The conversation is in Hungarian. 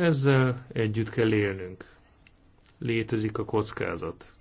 Ezzel együtt kell élnünk. Létezik a kockázat.